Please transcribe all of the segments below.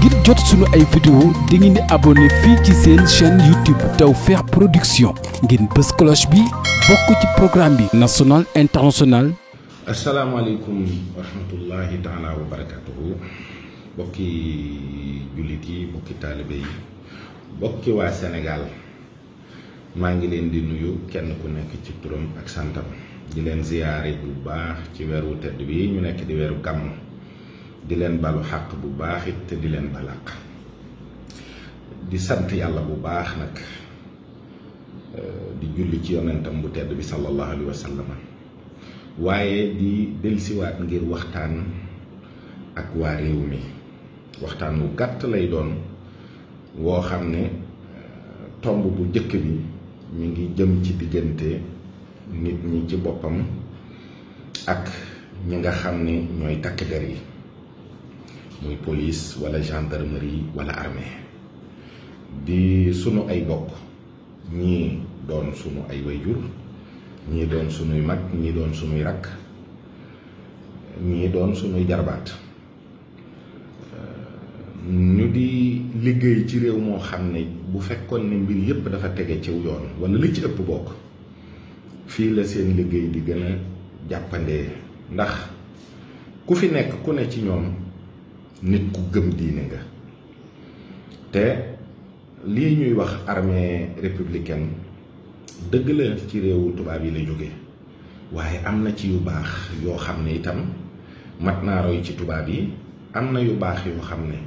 ngir jot sunu ay vidéo di ngeen di abonné fii ci seen chaîne YouTube Tawfekh Production ngeen bës cloche bi bokk ci programme bi national international asalaamaaleykum wa rahmatullahi taala wa barakatuhu bokki jullit yi bokki taalibe yi bokki waa Sénégal maa ngi leen di nuyu kenn ku nekk ci turam ak santam di leen ziyaare bu baax ci weeru tedd bi ñu nekk di weeru gàmm di leen balu xàq bu baax it te di leen balaq di sant yàlla bu baax nag di julli ci yonentam bu tedd bi sallallahu alayhi wa waaye di delsiwaat ngir waxtaan ak waa réew mi waxtaan wu gàtt lay doon woo xam ne tomb bu jëkk bi mi ngi jëm ci diggante nit ñi ci boppam ak ñi nga xam ne ñooy takk der yi muy police wala gendarmerie wala armée di sunu ay bokk ñii doon sunu ay wayjur ñii doon sunuy mag ñii doon sunuy rakk ñii doon sunuy jarbaat euh, ñu di liggéey ci réew moo xam ne bu fekkoon ne mbir yépp dafa tege ciw yoon wala li ci ëpp bokk fii la seen liggéey di gën a jàppandee ndax ku fi nekk ku ne ci ñoom nit ku gëm diine nga te lii ñuy wax armée républicain dëgg la ci réewu tubaab yi la jóge waaye am na ci yu baax yoo xam ne itam mat naa roy ci tubaab yi am na yu baax yoo xam ne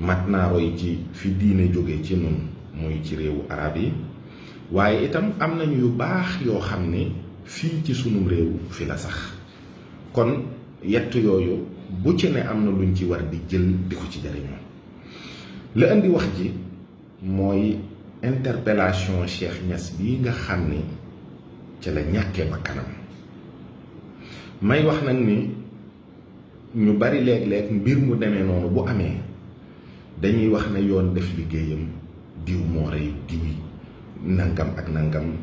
mat naa roy ci fi diine jóge ci nun muy ci réewu arab yi waaye itam am nañu yu baax yoo xam ne fii ci sunum réew fi la sax kon yett yooyu bu ci ne am na luñ ci war di jël di ko ci jariñoo la indi wax ji mooy interpellation Cheikh Niass bii nga xam ni ci la ñàkkee ba kanam may wax nag ni ñu bari léeg-léeg mbir mu demee noonu bu amee dañuy wax ne yoon def liggéeyam diw moo rey diwi nangam ak nangam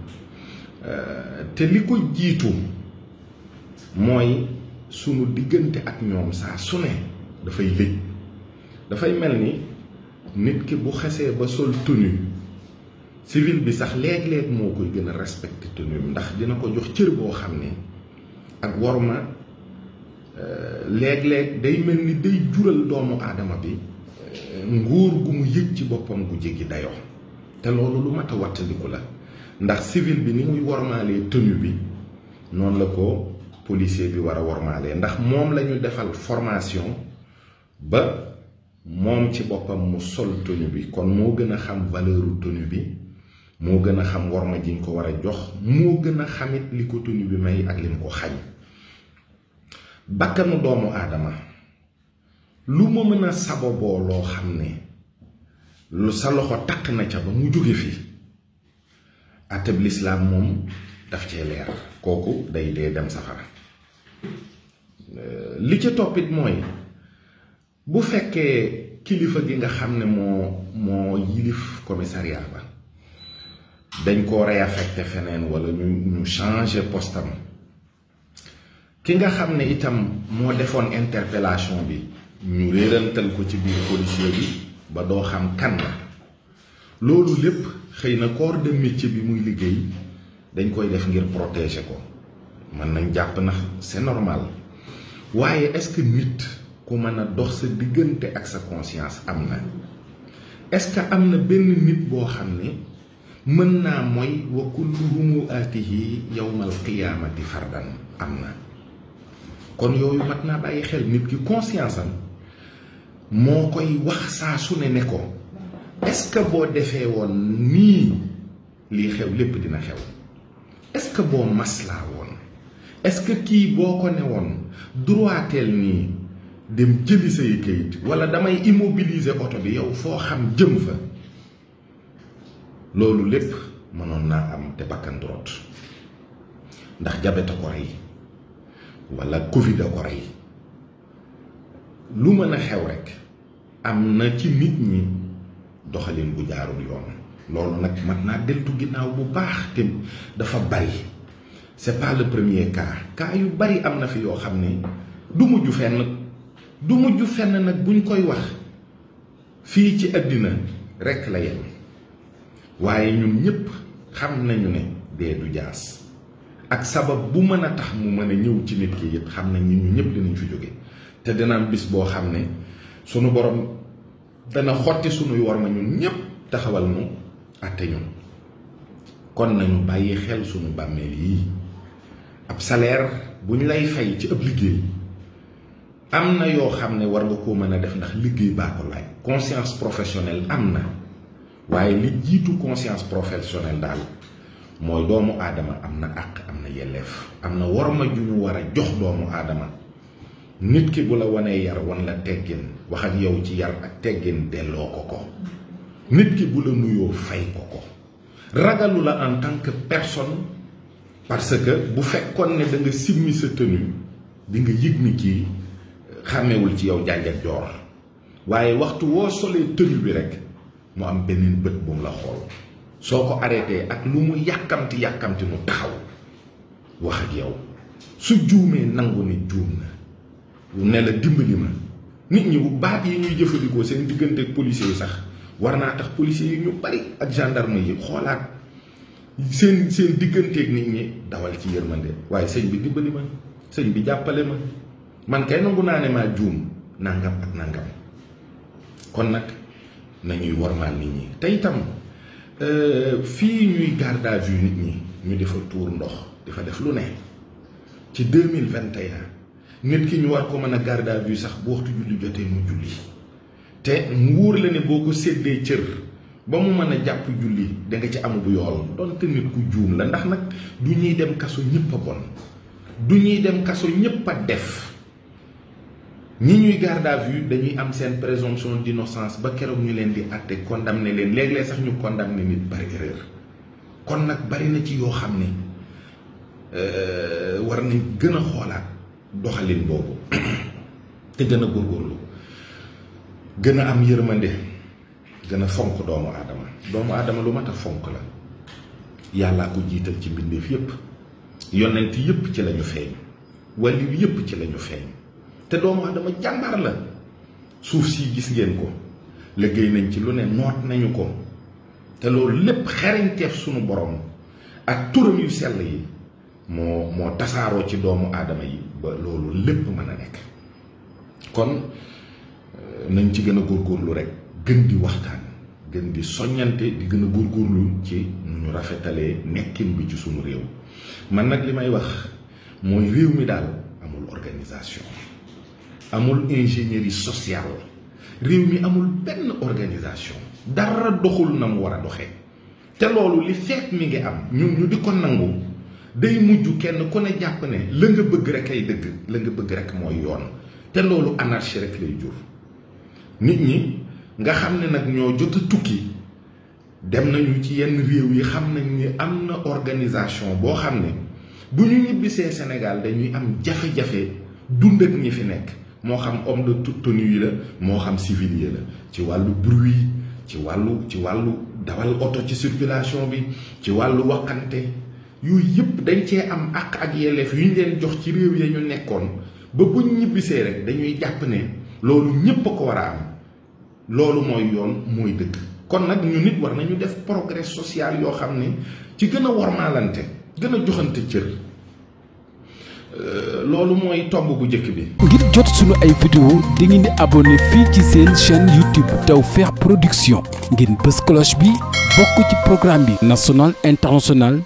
euh, te li ko jiitu mooy sunu diggante ak ñoom saa su ne dafay lëj dafay mel ni nit ki bu xesee ba sol tenue civil bi sax leeg léeg moo koy gën a respecté tenue ndax dina ko jox cër boo xam ne ak worma euh, léeg-léeg day mel ni day jural doomu aadama bi euh, nguur gu mu yëg ci boppam gu jéggi dayoo te loolu lu mat a wattandiku la ndax civil bi ni muy wormaalee tenue bi noonu la ko policier bi war a wormaalee ndax moom lañu defal formation ba moom ci boppam mu sol tenue bi kon moo gën a xam valeuru tenue bi moo gën a xam worma ji ñu ko war a jox moo gën a xamit li ko tenue bi may ak li mu ko xañ bakkanu doomu aadama lu ma mën a sababoo loo xam ne lu sa loxo takk na ca ba mu jóge fii atab lislaam moom daf cee leer kooku day dee dem safara Euh, li ca toppit mooy bu fekkee kilifa gi nga xam ne moo moo yilif commissariat ba dañ ko réaffecté feneen wala ñu ñu changé postam ki nga xam ne itam moo defoon interpellation bi ñu réerantal ko ci biir policier bi ba doo xam kan la loolu lépp xëy na corps de bi muy liggéey dañ koy def ngir protéger ko mën nañ jàpp na c'est normal waaye est-ce que nit ku mën a dox sa diggante ak sa conscience am na est-ce que am na benn nit boo xam ne mën naa mooy wa kulluhumu aatihi yawmal qiyaamati fardan am na kon yooyu mat naa bàyyi xel nit ki conscience am moo koy wax saa su ne ne ko est-ce que boo defee woon nii lii xew lépp dina xew est-ce que boo maslaa woon est-ce que kii boo ko ne woon droiteel nii dem jëli say kayit wala damay immobiliser oto bi yow foo xam jëm fa loolu lépp mënoon naa am te bakkan du rot ndax jabet a ko rey wala covid a ko rey lu mën a xew rekk am na ci nit ñi doxalin bu jaarul yoon loolu nag mat naa deltu ginnaaw bu baax te dafa bari c'est pas le premier cas cas yu bari am na fi yoo xam ne du mujj fenn du mujj fenn nag buñ koy wax fii ci àddina rekk la yem waaye ñun ñépp xam nañu ne dee du jaas ak sabab bu mën a tax mu mën a ñëw ci nit ki it xam nañ ñun ñépp dinañ fi jóge te dana bis boo xam ne sunu boroom dana xotti sunuy wor ma ñun ñépp taxawal nu àtte ñun kon nañu bàyyi xel sunu bàmmeel yii ab salaire bu ñu lay fay ci ab liggéey am na yoo xam ne war nga koo mën a def ndax liggéey baa ko laaj conscience professionnelle am na waaye li jiitu conscience professionnelle daal mooy doomu aadama am na àq am na yelleef am na warma ju ñu war a jox doomu aadama nit ki bu la wanee yar wan la teggin wax ak yow ci yar ak teggin delloo ko ko nit ki bu la nuyoo fay ko ko ragalu la en tant personne parce que bu fekkoon ne da nga simmi sa tenue di nga yëg ni ci euh, xàmmewul ci yow jàngat joor waaye waxtu woo solee tenue bi rek mu am beneen bët bu mu la xool soo ko arrêté ak lu mu yàkkamti yàkkamti mu taxaw wax ak yow su juumee nangu ne juum na ne la dimbali ma nit ñi bu baat yi ñuy jëfandikoo seen diggante ak policiers yi sax war naa tax policiers yi ñu bari ak gendarme yi xoolaat seen seen digganteeg nit ñi dawal ci yërmande waaye sëñ bi dimbali ma sëñ bi jàppale ma man kay nangu naa ne maa juum nangam ak nangam kon nag nañuy wormaal nit ñi te itam euh, fii ñuy garde à nit ñi ñu di tuur ndox di fa def lu ne ci deux mille vingt et nit ki ñu war ko mën a garde à vue sax bu waxtu julli jotee mu julli te mu wóor la ne boo ko séddee cër. ba mu mën a jàpp julli da ci am bu yool donte nit ku juum la ndax nag du ñuy dem kaso ñëpp a bon du ñuy dem kaso ñëpp a def ñi ñuy garde à vue dañuy am seen présomption d'innocence ba keroog ñu leen di àtte condamné leen léeg sax ñu condamné nit par erreur kon nag bari na ci yoo xam ne euh, war nañ gën a xoolaat doxalin boobu te gën a góorgóorlu gën a am yërmande. gën a fonk doomu aadama doomu aadama lu mat a fonk la yàllaa ko jiital ci mbindeef yépp yonent yépp ci lañu feeñ wàlliw yépp ci lañu feeñ te doomu aadama jàmbaar la suuf si gis ngeen ko liggéey nañ ci lu ne noot nañu ko te loolu lépp xereñteef sunu boroom ak turam yu sell yi moo moo tasaaroo ci doomu aadama yi ba loolu lépp mën a nekk kon euh, nañ ci gën a góor góorlu rek gën di waxtaan gën di soññante di gën a góorgóorlu ci nu ñu rafetalee nekkin bi ci suñu réew man nag li may wax mooy réew mi daal amul organisation amul ingénierie sociale réew mi amul benn organisation dara doxul na mu war a doxee te loolu li fekk mi ngi am ñun ñu di ko nangu day mujj kenn ku ne jàpp ne la nga bëgg rek ay dëgg la nga bëgg rek mooy yoon te loolu anarchie rek lay jur nit ñi nga xam ne nag ñoo jot a tukki dem nañu ci yenn réew yi xam nañu ni am na organisation boo xam ne bu ñu ñibbisee Sénégal dañuy am jafe-jafe dund ak ñi fi nekk moo xam homme de toute yi la moo xam civil yi la ci wàllu bruit ci wàllu ci wàllu dawal oto ci circulation bi ci wàllu waxante yooyu yëpp dañ cee am ak ak yelleef yu ñu leen jox ci réew ya ñu nekkoon ba buñ ñibbisee rek dañuy jàpp ne loolu ñëpp a ko war a am. loolu mooy yoon mooy dëgg kon nag ñu nit war nañu def progrès social yoo xam ne ci gën a wormaalante gën a joxante cër euh, loolu mooy tomb bu njëkk bi. ngir jot suñu ay vidéo di ngeen di abonné fii ci seen chaîne YouTube Tawfekh Production ngeen bës cloche bi bokk ci programme bi national international.